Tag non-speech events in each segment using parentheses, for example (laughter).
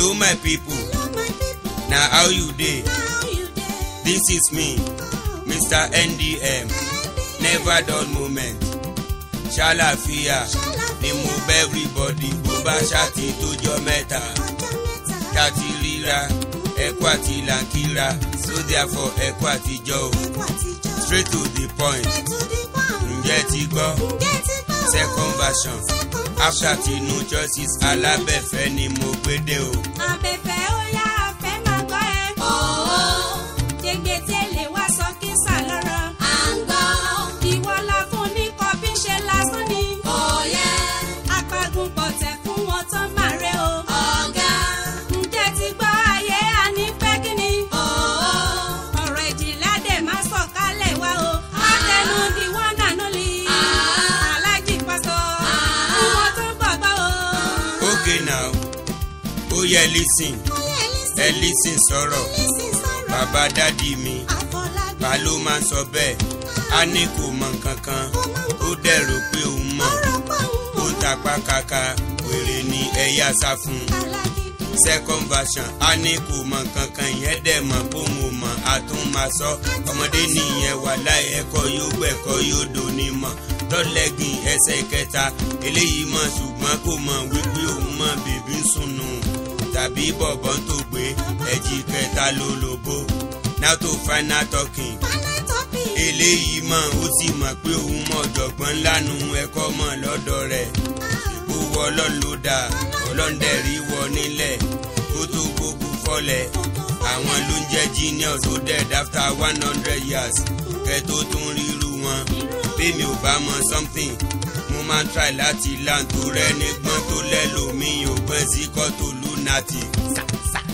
hello my people Now how you dey this is me mr ndm never dull moment ṣàlàfíà ni mo bẹ everybody bó bá to tó jọ mẹ́ta tàti ríra ẹkọ so therefore ẹkọ Joe. straight to the point Get it go second version after tinubu justice alábẹ̀fẹ́ ni mo gbé dé o. abẹ́fẹ́. listen ẹ listen sọ̀rọ̀ bàbá dádì mi bá ló máa sọ bẹ́ẹ̀ á ní kò mọ nǹkan ó dẹ̀ rò pé òun mọ̀ ó tapá kaka wèrè ni ẹ̀yà sá fún un second version á ní kò mọ nǹkan kan ìyẹn dẹ̀ mọ̀ kóun ò mọ̀ àtúnmáṣọ́ ọmọdé nìyẹn wà láì ẹ̀kọ́ yóò gbẹ̀kọ́ yóò doni mọ̀ lọ́lẹ́gìn ẹsẹ̀ kẹta eléyìí mọ̀ ṣùgbọ́n kò mọ̀ wípé òun mọ̀ bèbí ń sùn nù tàbí bọ̀bọ̀ tó gbé ẹ̀jì kẹta ló lóbó now to final talking eléyìí mọ̀ ó sì mọ̀ pé òun mọ̀ ọ̀jọ̀gbọ́n ńlánu ẹ̀kọ́ mọ̀ lọ́dọ̀ rẹ̀ ah. ó wọ ọlọ́run ló wọ nílẹ̀ kó tó gbogbo fọlẹ̀ àwọn ló ń jẹ́ genius ó dead after one hundred years kẹ tó tún ríru wọn bẹ́ẹ̀mi ò bá mọ something mo máa ń try láti láǹtó rẹ nígbọ́n tó lẹ́lòmíì ò gbọ́n kọ́ tó lọ. Illuminati. Sa, sa.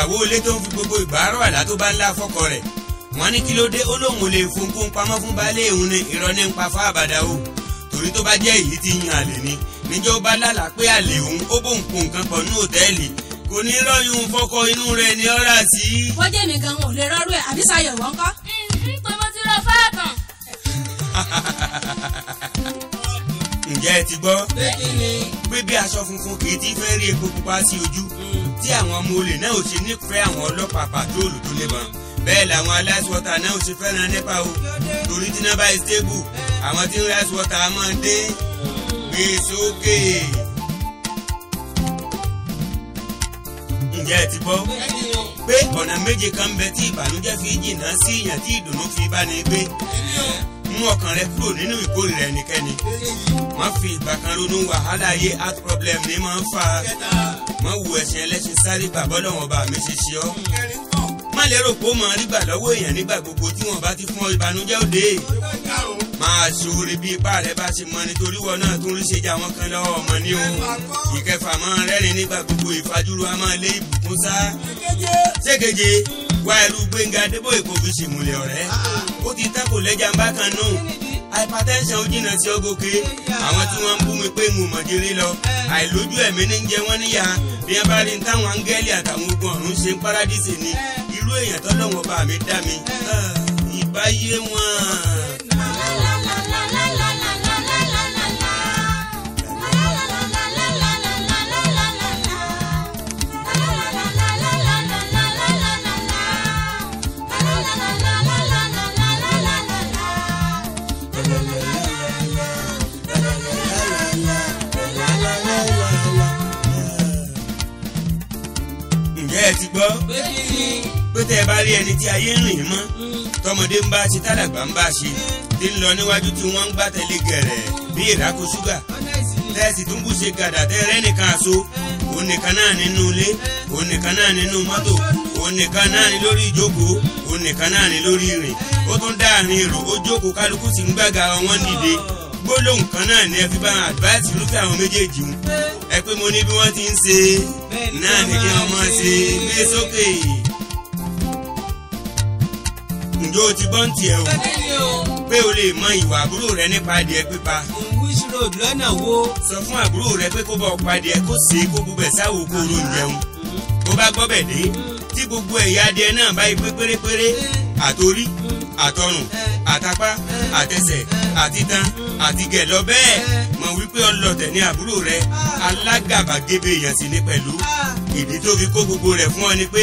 ìyàwó ilé tó ń fi gbogbo ìbárọ̀ àlá tó bá ńlá fọ́kọ rẹ̀ wọ́n ní kí ló dé ó lóun ò lè funkún pamọ́ fún baálé òun ni irọ́ ní ń pa fáàbàdà o torí tó bá jẹ́ èyí ti yan àlè ni níjọ́ bá lálàá pé àlè òun ó bóun kó nǹkan pọ̀ ní òtẹ́ẹ̀lì kò ní rọ́yún fọ́kọ inú rẹ̀ ní ọ́rà sí. wọ́n jẹ́ mi gan-an ò lè rọ́rùn ẹ̀ àbí sayọ̀ wọ́n kọ́. ǹjẹ́ ẹ ti gbọ́. pé bí aṣọ funfun kì í ti fẹ́ rí epo pupa sí ojú tí àwọn ọmọ olè náà ò ṣe nífẹ̀ẹ́ àwọn ọlọ́pàá pàtóòlù tó níbọn bẹ́ẹ̀ làwọn aláṣọta náà ò ṣe fẹ́ràn nípa o torí tí náà bá yẹ stable àwọn tí ń rí aṣọta máa dé gbé sókè. ǹjẹ́ ẹ ti gbọ́ pé ọ̀nà méje kan ń bẹ tí ìbànújẹ́ fi jìnnà sí ìyàn tí ìdùnnú fi bá ní gbé mú ọkàn rẹ kúrò nínú ìkórìíra ẹnikẹ́ni. má fi ìgbà kan ronú wàhálà ayé heart problem ní máa ń fa. má wo ẹ̀sìn ẹlẹ́sìn sáré bàbá lọ́wọ́n bá mi ṣe ṣe ọ́. má lérò pé ó máa rí gbà lọ́wọ́ èèyàn nígbà gbogbo tí wọ́n bá ti fún ọ ìbànújẹ́ òde. máa ṣoore bí ipá rẹ bá ṣe mọ nítorí wọn náà tún rí ṣe jà wọn kan lọ́wọ́ ọmọ ní o. ìkẹfà máa rẹ́rìn nígbà gbogbo ìfajúro a máa lé ìbùkún sá. ṣégeje wáyẹ̀lú gbẹ̀ngà débò èkó fi ṣìmùlẹ̀ ọ̀rẹ́ ó ti tako lẹ́jà ń bá kan nù hypertension jìnnà sí ọgòkè àwọn tí wọ́n ń bú mi pé ń mọ̀ lọ àìlójú ẹ̀mí ní ń jẹ wọ́n níyà bí wọ́n bá rí ní táwọn áńgẹ́lì àtàwọn ogun ọ̀run ṣe ń paradíṣe ni irú èèyàn tọ́lọ́wọ́n bá mi dá mi ìbáyé wọn. ẹ ti gbọ́ pé tẹ́ ẹ bá rí ẹni tí ayé ń rìn mọ́ tọmọdé ń bá ṣe tálàgbà ń bá ṣe tí ń lọ níwájú tí wọ́n ń gbá tẹ̀lé gẹ̀rẹ̀ bí ìrákò ṣúgà tẹ́sì tó ń bù ṣe gàdà tẹ́rẹ́ nìkan àṣọ òun nìkan náà nínú ilé òun nìkan náà nínú mọ́tò òun nìkan náà ní lórí ìjókòó òun nìkan náà ní lórí ìrìn ó tún dáàrin èrò ó jókòó kálukú sì ń gbàgà wọn dìde gbólóhùn kan náà ni ẹ fi bá advice irúfẹ́ àwọn méjèèjì wọn ẹ pé mo ní bí wọ́n ti ń ṣe náà ni kí wọ́n máa ṣe gbé e sókè. ǹjọ́ o ti gbọ́ ń tiẹ̀ o pé o lè mọ ìwà àbúrò rẹ nípa adìẹ pípa. which road lọ́nà wo. sọ fún àbúrò rẹ pé kó bá ọ padìẹ kó ṣe é kó bubẹ̀ sáwo kó o ló bó bá gbọ́ bẹ̀ dé tí gbogbo ẹ̀yà adìẹ náà bá pé pérépéré àtórí. Mm àtọrùn àtapá àtẹsẹ̀ àtitan àtigẹ̀ lọ bẹ́ẹ̀ mọ̀ wípé ọlọ́tẹ̀ ní àbúrò rẹ alágàbàgebè èèyàn sì ní pẹ̀lú ìdí tó fi kó gbogbo rẹ̀ fún ọ ni pé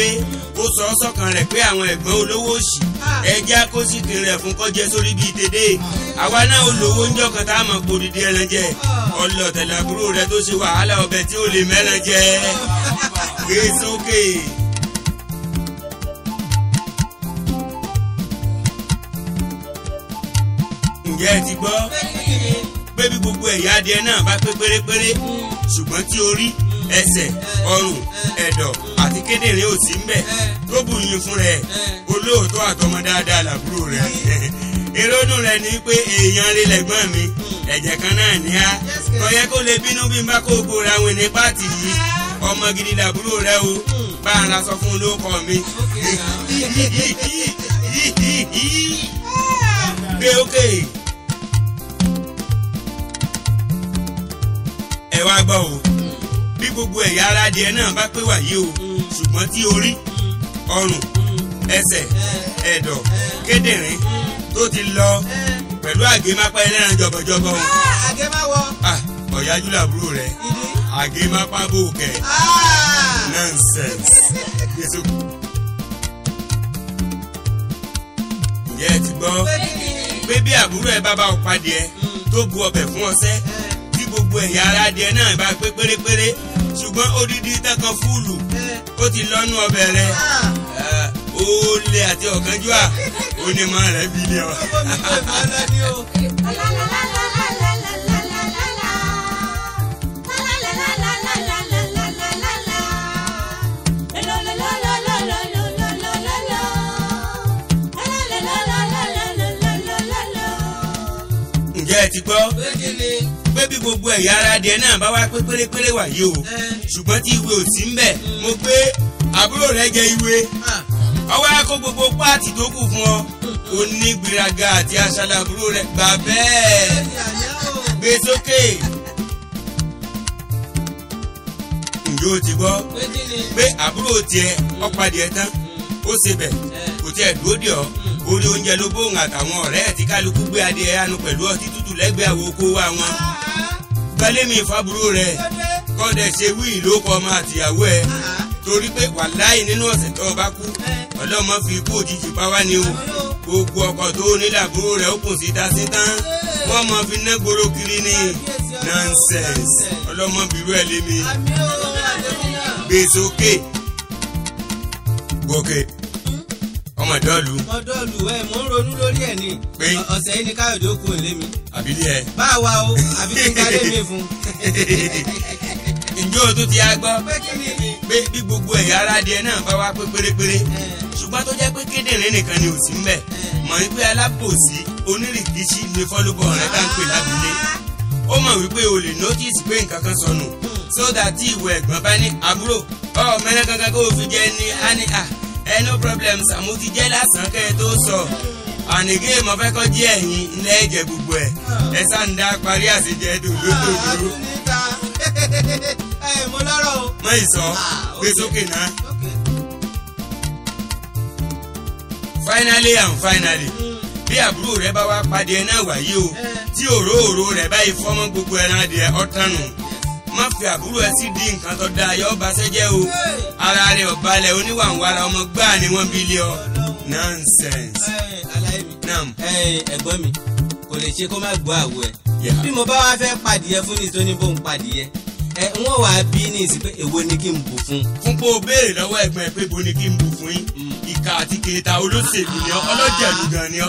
ó sọ ọ́ sọ́kàn pé àwọn ẹ̀gbọ́n olówó òṣì ẹja kó sì kiri rẹ̀ fún kọ́jẹ́ sórí bíi tèdè àwa náà olówó ń jọkàn tá a mọ̀ kó dídí ẹran jẹ ọlọ́tẹ̀ làbúrò rẹ tó ṣe wàhálà ọbẹ̀ tí ó lè mẹ́ran jẹ gbé sókè. Okay. ṣe ti gbọ́ pé bí gbogbo ẹ̀yà adìẹ náà bá pé pérépéré ṣùgbọ́n tí orí ẹsẹ̀ ọrùn ẹ̀dọ̀ àti kédèrè ò sí ńbẹ̀ tó bù yín fún rẹ̀ olóòótọ́ àtọmọ dáadáa làbúrò rẹ̀ (laughs) ìrònú rẹ̀ ni pé èèyàn rẹ̀ lẹ́gbọ́n mi ẹ̀jẹ̀ kan náà ní á kọ̀yẹ́ kó lè bínú bí n bá kó gbóra wọn ní pàtì yìí ọmọ gidi làbúrò rẹ o bá a ra sọ fún un ló kọ mi gbé (laughs) ókè. Okay. (laughs) ẹ wá gbọ́ o bí gbogbo ẹ̀yà ara adìẹ náà bá pé wàyí o ṣùgbọ́n tí orí ọrùn ẹsẹ̀ ẹ̀dọ̀ kédìrín tó ti lọ pẹ̀lú àgémápá ẹlẹ́ran jọ̀bọ̀jọ̀bọ̀ o. Ah, ah, ọ̀yájú làbúrò rẹ̀ àgémápá bòkẹ́ ah. nonsense. ǹjẹ́ ẹ ti gbọ́ pé bí àbúrò ẹ bá bá ọ padì ẹ tó bu ọbẹ̀ fún ọṣẹ́. Eh gbogbo ẹ̀yà ara náà bá pé pérépéré ṣùgbọ́n odidi tẹ́kan fúlù ó ti lọ́nu ọbẹ̀ rẹ ah. eh, olè àti ọ̀kánjúà onímọ̀ rẹ̀ bí ilé (laughs) wa. ǹjẹ́ ẹ ti gbọ́ pé bí gbogbo ẹ̀yà ara adìẹ náà bá wá pé pérépéré wàyí o ṣùgbọ́n tí ìwé ò sí ń bẹ̀ mo pé àbúrò rẹ jẹ ìwé ọwọ́ akó gbogbo páàtì tó kù fún ọ onígbìràgà àti aṣálàbúrò rẹ gbà bẹ́ẹ̀ gbé sókè. ǹjẹ́ o ti gbọ́ pé àbúrò tiẹ̀ ọ̀padì ẹ̀ tán ó ṣe bẹ̀ kò tiẹ̀ dúró dì ọ́ orí oúnjẹ ló bóun àtàwọn ọ̀rẹ́ ẹ̀ tí kálukú gbé adìẹ anu pẹ̀lú ọtí tútù lẹ́gbẹ̀ẹ́ àwọn oko wa kálẹ́mì fábúrú rẹ̀ kọ́dẹ̀ ṣe wí ìlú ọkọ ọmọ àtìyàwó ẹ̀ torí pé wàláì nínú ọ̀sẹ̀ tó o bá kú ọlọ́mọ fi ikú òjijì pa wá ni o gbogbo ọkọ̀ tó o ní làbúrò rẹ̀ ó kùn sí dasí tán wọ́n mọ fi ná gbòòrò kiri ní nonsense ọlọ́mọ bìrú ẹ̀ lémi gbèsòkè gòkè. Okay ọmọ ìdọ́ọ̀lù. ọdọ́ọ̀lù ẹ mò ń ronú lórí ẹ ni. pé ọ̀sẹ̀ yìí ni káyọ̀dé ó kun èlé mi. àbílẹ̀ ẹ. báwa o àbí kí n káré mi fún. (laughs) ǹjọ́ o tún ti á gbọ́. pé kí ni ni. pé bí gbogbo ẹ̀yà ara adìẹ náà bá wá pé pérépéré. ṣùgbọ́n tó jẹ́ pé kíndìnrín nìkan ni ò sí ń bẹ̀. mọ̀ wípé alábòsí onírìkìṣí ni fọ́lùbọ̀ rẹ̀ ká ń pè lábìlẹ̀. ó mọ̀ wípé o lè notice pé nǹkan kan sọnù. Hmm. sódà tí ìwọ ẹ̀gbọ́n bá ní àbúrò ọ̀ mẹ́lẹ́ kankan kó o fi jẹ́ ní á ní à ẹ eh, no problem Sàámú ti jẹ́ lásán kẹ́ ẹ tó sọ ànìgé mo fẹ́ kọ́ díẹ̀ ilé ẹ̀jẹ̀ gbogbo ẹ̀ ẹ sáǹdà parí àṣejẹ dòdòdòdò. Ah, ẹ (laughs) eh, mo lọ́rọ̀ o. mọ ìsọ ah, gbé sókè náà. finally and finally bí àbúrò rẹ bá wá pàdé ẹ náà wáyé o eh. tí òróòró rẹ báyìí fọmọ gbogbo ẹran adìẹ má fi àbúrò ẹ sí di nǹkan tó da ayọ́ ọba sẹ́jẹ́ o ara rẹ̀ ọ̀balẹ̀ oníwàǹwara ọmọ gbáà ni wọ́n bí lé ọ nonsense. ẹ̀gbọ́n mi kò lè ṣe kó má gbọ́ àwọ̀ ẹ̀ bí mo bá wá fẹ́ pàdìyẹ fún mi tó ní bó ń pàdìyẹ ẹ wọ́n wà á bí ní ìsìn pé èwo ni kí n bù fún. fún pé o béèrè lọ́wọ́ ẹ̀gbọ́n ẹ pé bo ni kí n bù fún yín mm. ìka àti kèéta olóṣèlú ni ọ ọlọ́jẹ̀lú gan ni ọ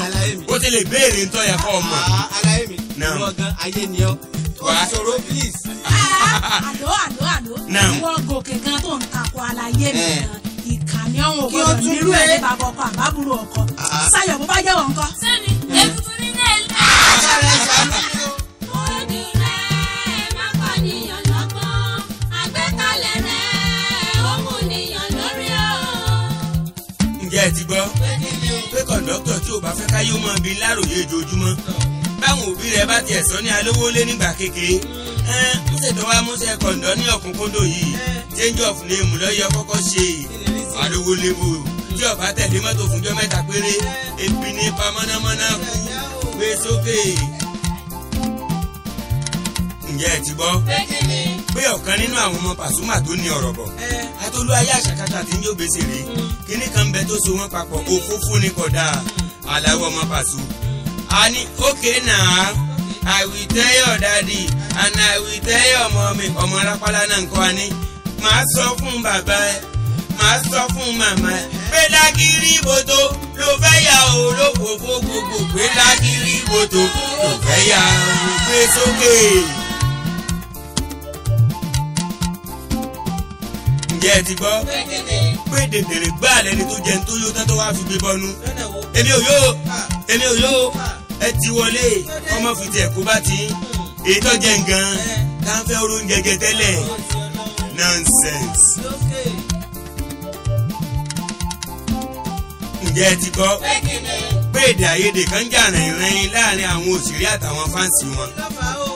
ó ti lè béèrè ń yẹ fọ́ ọmọ. aláìmí ìwọ gan ayé ni ọ òṣòro please. àló àló àló wọ́n gòkè gan tó ń takò àlàyé mi eh. gan ìkànnì ọ̀hún ògbọ́dọ̀ nírú ẹ̀ ní bàbá ọkọ àbábùrò ọkọ ah. sáyọ̀ bó bá jẹ́wọ́ nǹkan. sẹ́ni ètùtù nínú ẹ̀ lọ́wọ́. ǹjẹ́ ẹ ti gbọ́ pé kọ̀ǹdọ́tọ̀ tí ò bá fẹ́ káyé ó máa bi láròyé ojoojúmọ́ báwọn òbí rẹ̀ bá tiẹ̀ sọ ní alówó lé nígbà kékeré ó ṣètò wa múṣẹ kọ̀ǹdọ́ ní ọ̀kúnkóndò yìí change of name lọ́yẹ kọ́kọ́ ṣe alówó lébo tí ọba tẹ̀lé mọ́tò fúnjọ́ mẹ́ta péré ebi ní pa mọ́námọ́ná kú gbé sókè ǹjẹ́ ẹ ti gbọ́ pé ọ̀kan nínú àwọn ọmọ Pasuma tó ní ọ̀rọ̀ bọ̀ atolú ayé àṣàkáṣà tí ń jó gbèsè rèé kíní kan bẹ tó so wọn papọ̀ òfófó ni kódà aláwọ̀ ọmọ Pasuma a okay now I will tell your daddy and I will tell your mommy ọmọ arápálá náà nǹkan wa ní màá sọ fún bàbá ẹ màá sọ fún màmá ẹ pé lágìrì bòtò ló fẹ́ yà ó ló kò fó gbogbo pé lágìrì bòtò ló fẹ́ yà ó gbé sókè. ǹjẹ́ ẹ ti gbọ́ pé dèdèrè gbáà lẹni tó jẹun tó yó tán tó wá fi gbé bọ́nu èmi ò yó èmi ò yó ẹ ti wọlé ọmọ fìtẹ̀ kó bá ti èyí tó nǹkan tá a fẹ́ oróúnjẹ jẹ tẹ́lẹ̀ nonsense. ǹjẹ́ ẹ ti gbọ́. ẹ kì pé èdè àìyedè kan jà rìnrìn láàrin àwọn òṣèré àtàwọn fáǹsì wọn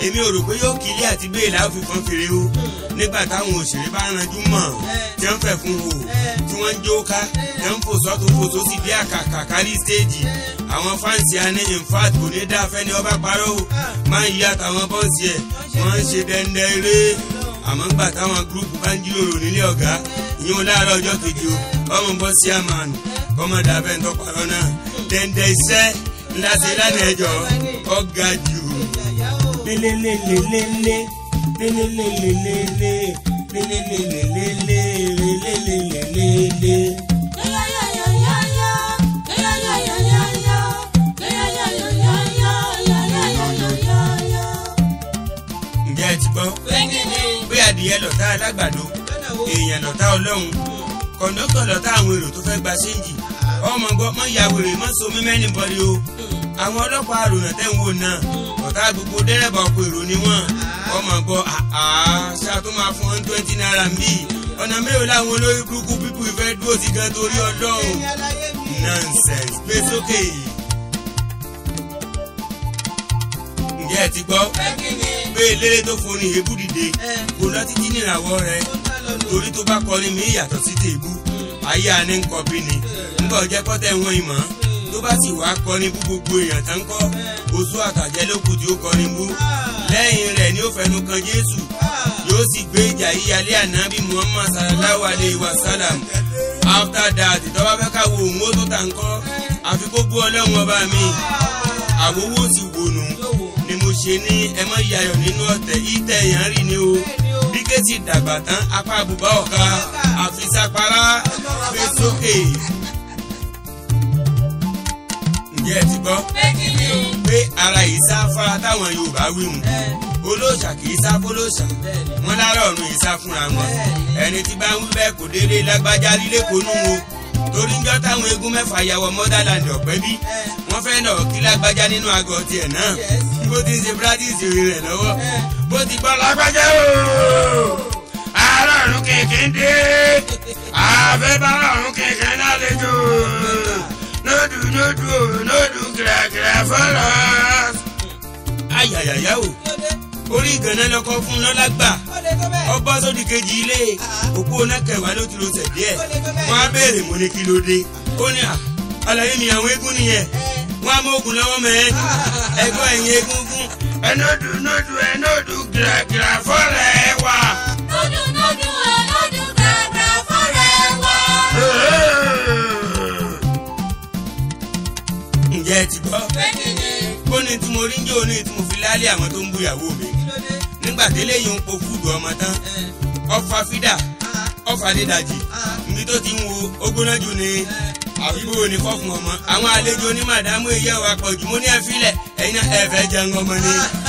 èmi ò rò pé yóò kí ilé àti bẹ́ẹ̀ láàfi kan fèrè o nígbà táwọn òṣèré bá ranjú mọ̀ tí wọ́n fẹ̀ fún wò tí wọ́n ń jó ká tí wọ́n ń fò sọ́tò fò tó sì bí àkàkà kárí stéèjì àwọn fáǹsì aníyàn fat kò ní dá afẹ́ni ọba parọ́ o máa ń yí àtàwọn bọ́ọ̀sì ẹ̀ wọ́n ń ṣe dẹ́ndẹ́ eré àmọ́ gbà táwọn gúrúùpù bá ń jíròrò nílé ọ̀gá ìyẹn láàárọ̀ ọjọ́ kejì o ọmọ bọ́ọ̀sì àmàlù kọ́mọdà abẹ́ńtọ́ parọ́ náà dẹ̀ndẹ̀ iṣẹ́ ńláṣẹ lánàájọ́ ọ̀gá jù. lélelelelele lélelelelele lélelelelele lélelelelele. ẹ ti gbọ́. bí adìyẹ e lọ́tà alágbàdo èèyàn e lọ́tà ọlọ́run kọ̀ńdọ́tọ̀ lọ́tà àwọn èrò tó fẹ́ gba ṣéǹjì ọmọ gbọ́ mọ ìyàwèrè mọ somi mẹ́ni bọ́lí o àwọn ọlọ́pàá àrònà tẹ́wọ̀n náà ọ̀tá gbogbo dẹ́rẹ́bà ọkọ̀ èrò ni wọ́n ọmọ gbọ́ ṣàtúmọ̀ fún one twenty naira mi ọ̀nà mélòó làwọn olórí burúkú pípù ìfẹ́ dúró sí gan torí ọlọ́run nonsense gbé sókè ǹjẹ́ ẹ ti gbọ́ pé eléré tó forin èébú dìde kò lọ títí níràwọ̀ rẹ̀ torí tó bá kọrin mi yàtọ̀ sí tèébú ayé àní ń kọbí ni ńgbọ́ jẹ́ kọ́tẹ́ wọn ìmọ̀ tó bá sì wá kọrin bú gbogbo èèyàn tán kọ́ oṣù àtàjẹ́ ló kù tí ó kọrin bú lẹ́yìn rẹ̀ ni ó fẹnu kan Jésù yóò sì gbé ìjà yíyalé ànábì Muhammad sallallahu alayhi wa sallam after that ìtọ́wá fẹ́ ká wo òun ó tó ta nǹkan àfi kó bú ọlọ́run ọba mi àwòwò sì wònú ni mo ṣe ní ẹmọ ìyàyọ̀ nínú ọ̀tẹ̀ ìtẹ̀ yẹn rì ni o bí kéèsì dàgbà tán apá àbùbá ọ̀ka àfisàpárá gbé sókè. ǹjẹ́ ẹ ti gbọ́? pé ara yìí sá fara táwọn Yorùbá wíwùn olóòṣà kìí sá fọlọ́ṣà wọn lára ọ̀run yìí sá fúnra wọn ẹni tí bá ń wí bẹ́ẹ̀ kò déédéé lágbájá lílé kò nú o torí ń jọ́ táwọn eégún mẹ́fà yàwọ̀ motherland ọ̀pẹ́ bí wọ́n fẹ́ nà kí lágbájá nínú àgọ́ tiẹ̀ náà bó ti ń ṣe practice rẹ̀ lọ́wọ́ bó ti gbọ́ lágbájá ooo aráàlú kìnkìn dé àfẹ́bá ọ̀run kìnkìn náà lè jò nódù nódù nódù gíragíra fọlọ. ayayaya o orí ìgànnà lọkọ fún lọ́lá gbà ọba sódì kejì ilé òpó ọ̀nà kẹwàá ló ti lọ sẹ̀ díẹ̀ wọ́n á béèrè mo ní kí ló dé ó ní àlàyé mi àwọn eégún nìyẹn wọ́n á mọ oògùn lọ́wọ́ mẹ́ ẹgbọ́n ẹ̀yìn eégún fún. ẹnọdù nódù ẹnọdù gíragíra fọlọ ẹ wà ǹjẹ́ ti gbọ́. ó ní tí mo rí ń jẹ́ òní tí mo fi lálé àwọn tó ń bu ìyàwó mi. nígbà délé yìí ń po fúdù ọmọ tán. ọfà fídà ọfà dídàjì níbi tó ti ń wo ogúnná jù ni àbíbò ní kọ́fún ọmọ. àwọn àlejò ní màdámù ìyẹ́wò àpọ̀jù mo ní ẹ filẹ̀ ẹ̀yin ẹ̀fẹ̀ jẹun ọmọ ni. Ah.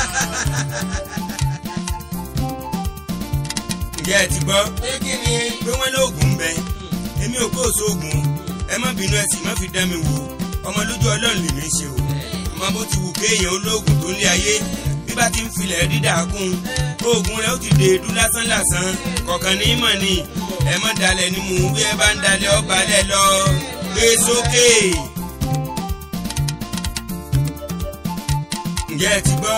ǹjẹ́ ẹ ti gbọ́ pé wọ́n lóògùn ń bẹ èmi ò kó sóògùn ẹ má bínú ẹ sì má fi dá mi wò ọmọ lójú ọlọ́run lè mí ṣe o ọmọ bó ti wù kéèyàn olóògùn tó lé ayé bí bá ti ń filẹ̀ dídà kún oògùn rẹ ó ti dèédú lásán lásán kọ̀ọ̀kan ní mọ̀ ni ẹ má dalẹ̀ ni mò ń wí ẹ bá ń dalẹ̀ ọ̀balẹ̀ lọ gbé sókè. Okay. ǹjẹ́ ẹ ti gbọ́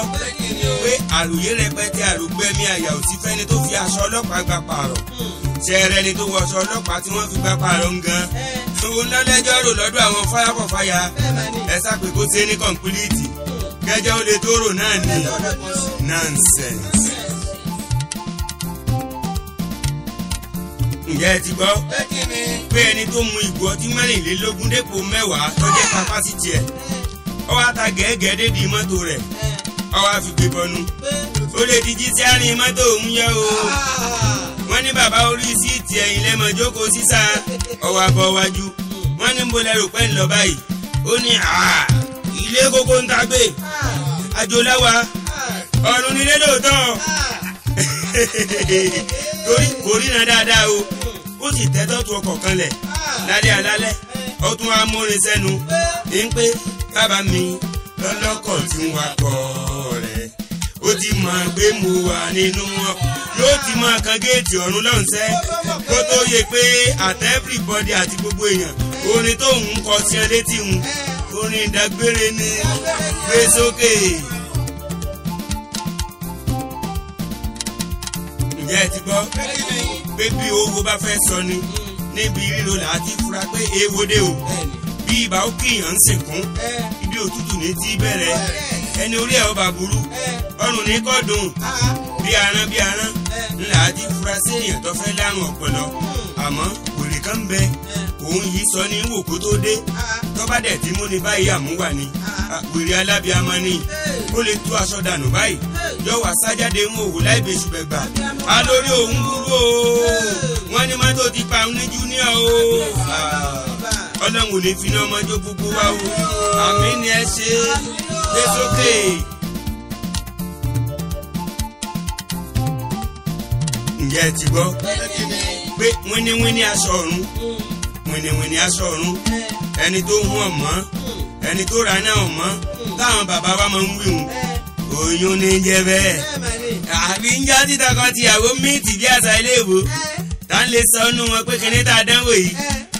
pé àròyé rẹpẹtẹ àrògbẹ́mí àyà ò sí fẹ́ni tó fi aṣọ ọlọ́pàá gba pààrọ̀ ṣẹ̀rẹ̀ ni tó wọ aṣọ ọlọ́pàá tí wọ́n fi gba pààrọ̀ ń gan owó ńlá lẹ́jọ́ rò lọ́dọ̀ àwọn fáyàpọ̀fáyà ẹ sápè kó ṣe ní kọ̀ǹpìlìtì gẹ́jẹ́ ó lè tó náà ní nonsense. ǹjẹ́ ẹ ti gbọ́ pé ẹni tó mu ìgò ọtí mẹ́rìnlélógún dépò mẹ́wàá tó jẹ́ pápá sí ọ wá ta gẹ́gẹ́ dédì mọ́tò rẹ̀ ọ wá fi gbé bọnu eh. ó lè di jí sí àárín mọ́tò òun yẹ o ah. wọ́n ní bàbá orí síìtì ẹ̀yìn lẹ́mọ̀ jókòó sísá ọ wá bọ́ wájú wọ́n ní mo lẹ́rù pẹ́ ńlọ báyìí ó ní ah, ilé kókó ń ta gbé ah. àjòláwa ọ̀run nílé lóòótọ́ (laughs) torí kò ríran dáadáa o hmm. ó sì tẹ́tọ́ tu ọkọ̀ kan lẹ̀ lálẹ́ àlálẹ́ eh. ó amúrin sẹ́nu eh. ní pé bàbá mi lọ́lọ́kọ̀ tí ń wakọ̀ rẹ̀ ó ti mọ̀ pé mo wà nínú wọn yóò ti máa kan géètì ọ̀run lọ́nṣẹ́ kó tó yẹ pé at everybody àti gbogbo èèyàn orin tó ń kọ sí ẹ létí ń orin ìdágbére ni gbé sókè. ǹjẹ́ ẹ ti gbọ́ pé bí owó bá fẹ́ sọ ni níbi ríro làá fura pé èèwọ̀ dé o bí ibà ó kéèyàn ń sìnkún ibi òtútù ní ti bẹ̀rẹ̀ ẹni orí ẹ̀ ó bá burú ọrùn ní kọ́ dùn bí aràn bí aràn ńlá ti fura èèyàn tó fẹ́ láwọn ọpọlọ àmọ́ òrè kan bẹ òun yìí sọ ní wò tó dé tọ́ba dẹ̀ ti mú ni báyìí àmúwà ni wèrè alábíàmọ́ ni ó lè tú aṣọ dànù báyìí yọ̀wá sájáde ń wòwò láì bẹ̀sù bẹ̀gbà á lórí òun burú o wọ́n ní mọ́tò ti pa ní júníà o ọlọ́run ò ní fi iná ọmọ jó gbogbo wa o àmì ni ẹ ṣe gbé sókè. ǹjẹ́ ẹ ti gbọ́ pé wíníwíní aṣọ ọ̀run wíníwíní aṣọ ọ̀run ẹni tó hún ọ̀mọ́ ẹni tó ra náà ọ̀mọ́ táwọn bàbá wa máa ń wí hùn oyún ní jẹ bẹ́ẹ̀ àbí ń já títa kan ti àwọn míìtì bí àṣà ilé ìwò tá ń lè sọ ọ́ nú wọn pé kíní tá a dánwò yìí.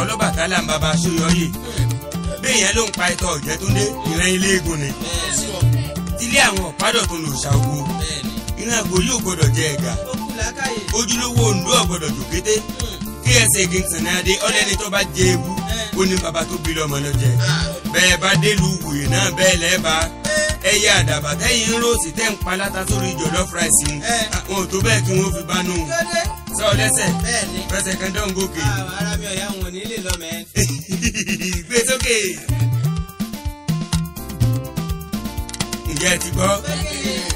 Ọlọ́bàtálá ń bàbá Ṣóyọyè béèyàn ló ń pa ikọ̀ Ọ̀jẹ̀túndé ìran ilé egun ni ilé àwọn ọ̀pádọ̀ tó lò ṣàwò ìran àgbòlí ò gbọdọ̀ jẹ ẹ̀gà ojúlówó Oǹdó ọ̀gbọ̀dọ̀ jòkété ksa kingston adé ọlẹ́ni tó bá jẹ ewu ó ní bàbá tó bí lọ́mọ lọ jẹ bẹ́ẹ̀ bá délu wòye náà bẹ́ẹ̀ lẹ́ẹ̀bà ẹyẹ àdàbà tẹ́yìn ń ròsì tẹ́ ń palata sórí jọ̀lọ́ fúráìsì wọn ò tó bẹ́ẹ̀ kí wọ́n fi bá nù sọ lẹ́sẹ̀ fẹsẹ̀ kan dán gòkè measurement. (laughs) gbé sókè. ǹjẹ́ ẹ ti gbọ́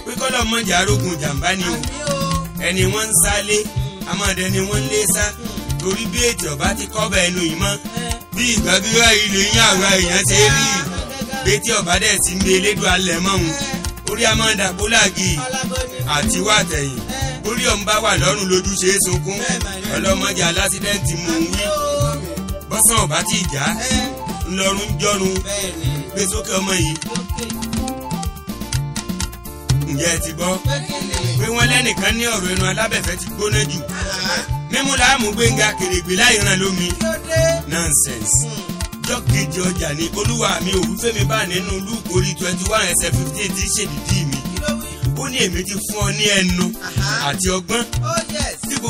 pé kọ́lọ̀ mọ̀jà arógun jàǹbá ni o ẹni wọ́n ń sálé amáde ni wọ́n ń lé sá torí bí ètò ọba ti kọ́ bá ẹnu yìí mọ́ bí ìgbà bíwá ilé yín àwa èèyàn ṣe rí betí ọba dẹ̀ sí ń bẹ elédùn alẹ́ mọ́hun orí amáda bóláàgì àti wà tẹ̀yìn orí ọ̀nba wà lọ́rùn lójú ṣe é sunkún ọlọ́mọdé alásídẹ́ǹtì mò ń wí bọ́sàn ọ̀bá tí ìjà ńlọrun jọrun gbé sókè ọmọ yìí. ǹjẹ́ ẹ ti gbọ́ pé wọ́n lẹ́nìkan ní ọ̀rọ̀ ẹnu alábẹ̀fẹ́ ti gbóná jù mímú làámú gbẹ̀ngà kèrègbè láì ràn lómi nonsense ọjọ́ ọjà ni olúwa mi òwú fẹ́mi bá nínú lúkórí twenty one ẹsẹ̀ fifteen tí ṣèdídì mi ó ní èmi ti fún ọ ní ẹnu àti ọgbọ́n oh,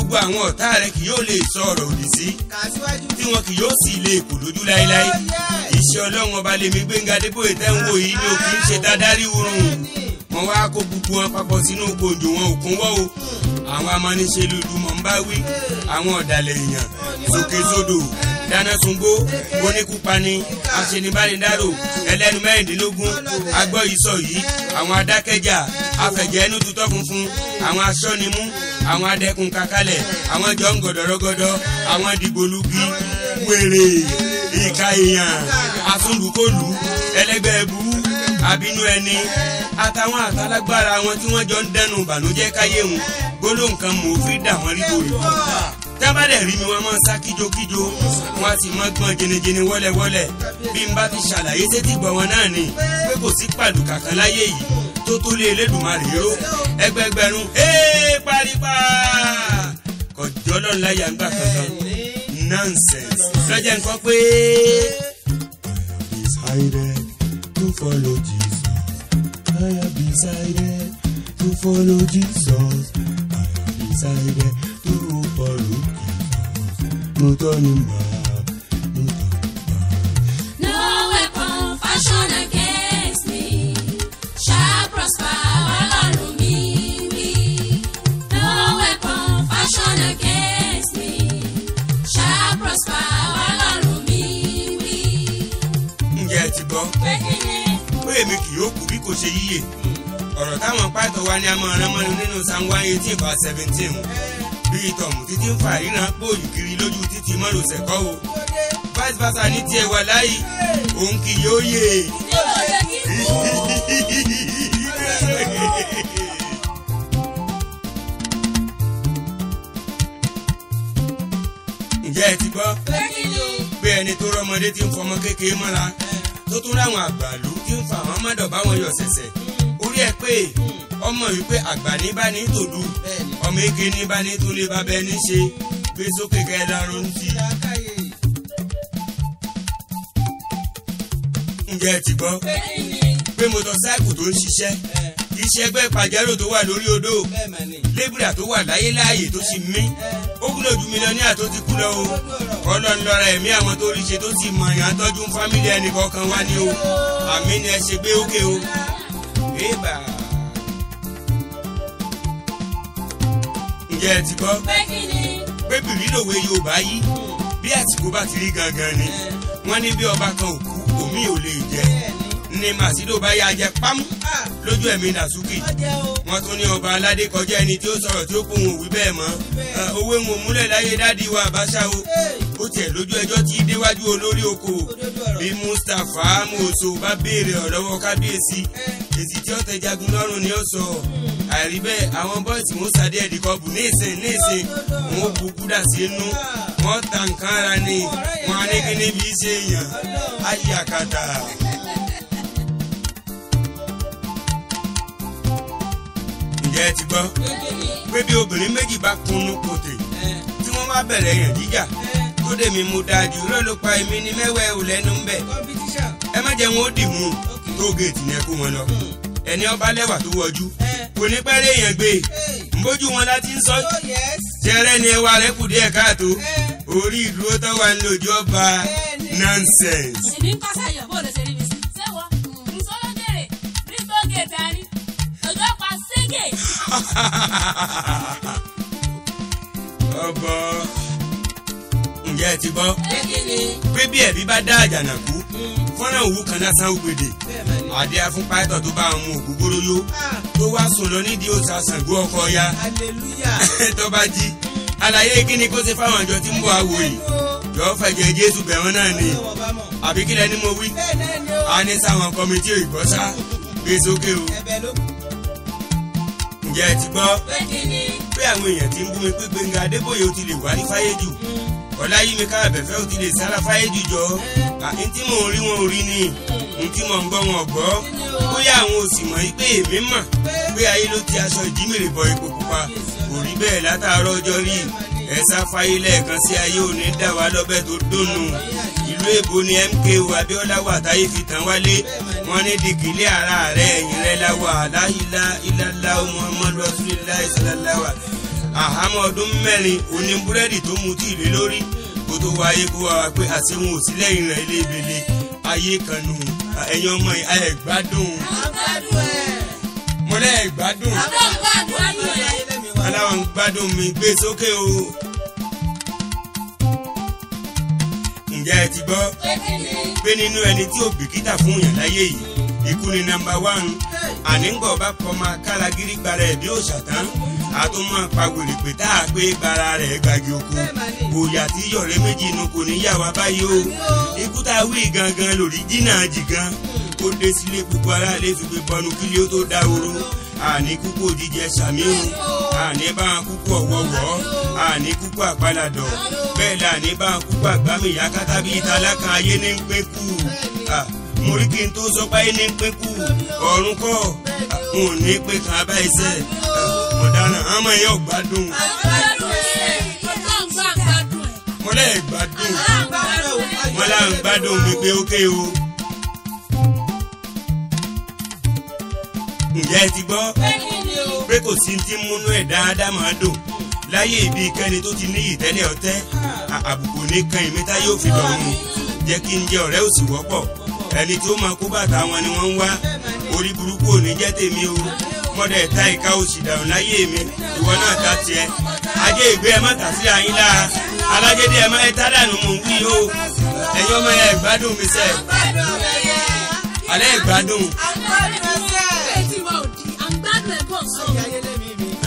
gbogbo àwọn ọ̀tá rẹ kì yóò lè sọ ọ̀rọ̀ òdì sí tí wọn kì yóò sì lè kò lójú láéláé oh, iṣẹ́ ọlọ́run ọba lèmi gbẹ̀ngà débòye tẹ́ ń wò yìí ni òkè ń ṣe dáadáa wúrun wọn wá kó gbogbo wọn papọ̀ sínú oko òjò wọn ò kún wọ́ o hmm. àwọn amáníṣe lulu mọ̀ ń bá wí hmm. àwọn ọ̀dàlẹ̀ èèyàn sókèsódò dáná sunbó oníkúpani aṣenibánidáró hmm. ẹlẹ́nu mẹ́rìndínlógún agbọ́ ìsọ̀ yìí àwọn adákẹ́jà afẹ̀jẹ́nu tutọ́ funfun àwọn aṣọ́nimú àwọn adẹ́kun kakalẹ̀ àwọn jọ̀ǹgọ̀dọ̀rọ̀gọ̀dọ̀ àwọn dìgbòlugi wèrè ìka èèyàn afúnlùkọlù ẹlẹgbẹ́ bú àbínú ẹni àtàwọn àtàlágbára wọn tí wọ́n jọ ń dẹnu ìbànújẹ́ káyé wọn gbólóhùn kan mò ń fi dà wọ́n rí lórí tábàdẹ̀ rí mi wọ́n máa ń sá kíjokíjo wọ́n á sì máa gbọ́n jenejene wọ́lẹ́wọ́lẹ́ bí n bá ti ṣàlàyé sétí gbọ́ wọn náà ni pé kò sí pàdùkà kan láyé yìí tó tó lé Elédùmarè o ẹgbẹgbẹ̀rún ee eh, paripa kọjọ lọ́la yàgbà kankan nonsense lọ́jà nǹkan pé. decided to follow Jesus I have decided to follow Jesus I have decided to follow Jesus no weapon fashion again. gbọ́ bóyá èmi kì yóò kú bí kò ṣe yíyè ọ̀rọ̀ táwọn pàtó wa ni a máa rán mọ́ni nínú psalm one eighteen verse seventeen bí ìtọ̀mù títí ń fà ríran pòòlù kiri lójú títí mọ́rọ̀sẹ̀ kọ́ o vice versa ní tiẹ̀ ti tó ti ń fọmọ kékeré tó tún ráwọn àgbàlú kí ń fa àwọn mọ́dọ̀ bá wọn yọ ṣẹ̀ṣẹ̀ orí ẹ pé ọmọ yìí pé àgbà ní bá ní tòdú ọmọ eke ní bá ní tó lè bá bẹ́ẹ̀ ní ṣe gbé sókè kẹ́ẹ́ dáró ń ti. ǹjẹ́ ẹ ti gbọ́ pé mọ́tò sáìkù tó ń ṣiṣẹ́ kì í ẹgbẹ́ pàjárò tó wà lórí odò lébùrà tó wà láyé láàyè tó ti mí ó kúlò ju mílíọ̀nìyà tó ti kú lọ o ọlọ́run ẹ̀mí àwọn tó rí ṣe tó ti mọ̀ yàn tọ́jú fámìlì ẹnì kọ̀ọ̀kan wá ní o àmì ni ẹ ṣe gbé ókè o. ǹjẹ́ ẹ ti gbọ́ pé bìrì lòwe Yorùbá yìí bí àsìkò bá ti rí gangan ni wọ́n ní bí ọba kan ò omi ò lè jẹ́ ní màsídò bá yà jẹ pam lójú ẹ̀mí Dasuki wọ́n tún ní ọba aládé kọjá ẹni tí ó sọ̀rọ̀ tí ó kún òwú bẹ́ẹ̀ mọ́ owó ń múlẹ̀ láyé dádì wa àbáṣá o ó tiẹ̀ lójú ẹjọ́ tí í déwájú olórí oko bí Mustapha Amoso bá béèrè ọ̀rọ̀wọ́ kábíyèsí èsì tí ó tẹjagun lọ́rùn ni ó sọ àìrí bẹ́ẹ̀ àwọn bọ́ọ̀sì mú sàdé ẹ̀dínkọ́bù ní ìsìn ní ìsìn wọn ó bu gúdà sí inú wọn ta nǹkan ara ni wọn á ní kí níbi e ti gbọ́ pé bí obìnrin méjì bá kunu kòtè tí wọ́n wá bẹ̀rẹ̀ yàn jíjà tó dé mi mu dájú lọ́lọ́pàá èmi ni mẹ́wẹ́ ò lẹ́nu ń bẹ̀ ẹ má jẹ́ wọn ó dì mú tóògèètì ọba lẹ́wà tó wọjú kò ní pẹ́ lé yẹn gbé wọn ni ẹwà rẹ kù káàtó orí ìdúró tó ọbọ ǹjẹ́ ẹ ti gbọ́ pé bí ẹ̀bí bá dá àjànàkú fọ́nrán òwú kan lásán ògbèdè àdé afúnpáìtọ̀ tó bá àwọn ògógóró yó tó wá sùn lọ nídìí òòṣà Ṣàngó ọkọ ya (laughs) tó bá jí àlàyé kíni kó ṣe fáwọn àjọ tí ń bọ̀ àwò yìí yọ̀ọ́ fẹ̀jẹ̀ Jésù bẹ̀rẹ̀ náà ni àbí kílẹ̀ ni mo wí a ní sáwọn kọmitì ìgbọ́sá gbèsókè o ǹjẹ́ ẹ ti gbọ́ pé àwọn èèyàn ti ń bú mi pé Gbénga Adébóyè ó ti lè wá ní fáyéjù Ọláyímíká Àbẹ̀fẹ́ ó ti lè sára fáyéjù jọ àti tí mò ń rí wọn ò rí ni n tí mò ń gbọ́ wọn gbọ́ bóyá àwọn òsì mọ̀ pé èmi mọ̀ pé ayé ló ti aṣọ ìjímèrè bọ epo pupa kò rí bẹ́ẹ̀ látàárọ̀ ọjọ́ rí ẹ sáfáyé lẹ́ẹ̀kan sí ayé òní dá lọ́bẹ̀ tó dónú ìlú èbó ni MKO Abíọ́lá wà táyé fi tàn wálé wọn ní dìgílé ara rẹ ẹ̀yìn rẹ láwà láyìlá ìlàlá Muhammadu Rasulillah ìsàlálàwà àhámọ́ ọdún mẹ́rin oníbúrẹ́dì tó mu tí ìlé lórí kó tó wá ayé kó pé àṣewọ̀n ò sí lẹ́yìn rẹ̀ ilé ìbèlè ayé kan nù ẹ̀yin ọmọ yìí ayẹ̀ gbádùn. mo lẹ́yìn gbádùn. aláwọ̀ gbádùn mi gbé sókè o. ǹjẹ́ ẹ ti gbọ́ pé nínú ẹni tí ò bìkítà fún yàn láyé yìí ikú ni nàmbà wán ànígbọ̀ bá kọ́ máa kálagírí gbara ẹ̀ bí ó ṣàtán àtúmọ̀ àpàwèrè pé tá a gbé gbara rẹ̀ gbàgì oko bòyà tí yọ̀rẹ́ méjì inú kò ní yà wá báyìí o ikú tá a wí gangan lórí dínà jì gan ó dé sílé gbogbo aráàlú fi gbé bọnu kílí tó dá àní kúkú òdìjẹ sàmí o àní bá ń kúkú ọ̀wọ́wọ́ àní kúkú àpàlàdọ̀ bẹ́ẹ̀ là ní bá ń kúkú àgbámìyá kátà bíi tálákà ayé ní ń pín kù mo rí kí n tó sọ pé ayé ní ń pín kù ọ̀run kọ́ mo ní pé kàn á bá iṣẹ́ mo dáná àmọ́ ẹ̀yọ́ gbádùn. mo lẹ́ẹ̀ gbádùn mo gbígbé ókè o. ǹjẹ́ ẹ ti gbọ́ pé kò sí ti múnú ẹ̀ dáadáa máa dùn láyé ibi kẹ́ni tó ti ní ìtẹ́lẹ̀ ọ̀tẹ̀ àbùkù ní kan ìmẹ́ta yóò fi dọ̀rùn jẹ́ kí n jẹ́ ọ̀rẹ́ òsì wọ́pọ̀ ẹni tó máa kó bàtà wọn ni wọ́n ń wá orí burúkú ò ní jẹ́ tèmi o mọ́dẹ̀ ta ìka òsì dàrún láyé mi ìwọ náà ta tiẹ̀ ajé ìgbé ẹ má tà sí àyín lára alágédé ẹ má ẹ tá dànù mò wí o ẹ̀yin ọmọ ẹ gbádùn mi sẹ́ẹ̀ alẹ́ ìgbádùn.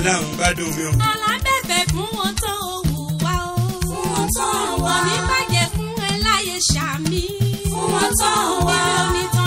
là ń bá domi o. alábẹ̀bẹ̀ fún wọn tó wù wá o. fún wọn tó wà. kò ní bàjẹ́ fún ẹ láyé ṣàmì. fún wọn tó wà. ìlú